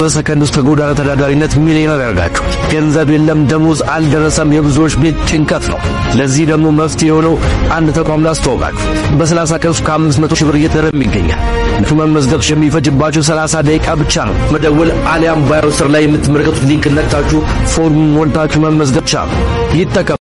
በሰከንድ ውስጥ ከጎዳና ተዳዳሪነት ሚሊዮነር ያደርጋቸው። ገንዘብ የለም፣ ደሞዝ አልደረሰም የብዙዎች ቤት ጭንቀት ነው። ለዚህ ደግሞ መፍትሄ የሆነው አንድ ተቋም ላስተዋወቃችሁ። በ30 ቀን ውስጥ ከ500 ሺህ ብር እየተደረም ይገኛል። ሹመን መመዝገብ የሚፈጅባችሁ 30 ደቂቃ ብቻ ነው። መደወል አሊያም ባዮ ስር ላይ የምትመለከቱት ሊንክ ነክታችሁ ፎርሙን ሞልታችሁ መመዝገብ ቻሉ። ይጠቀሙ።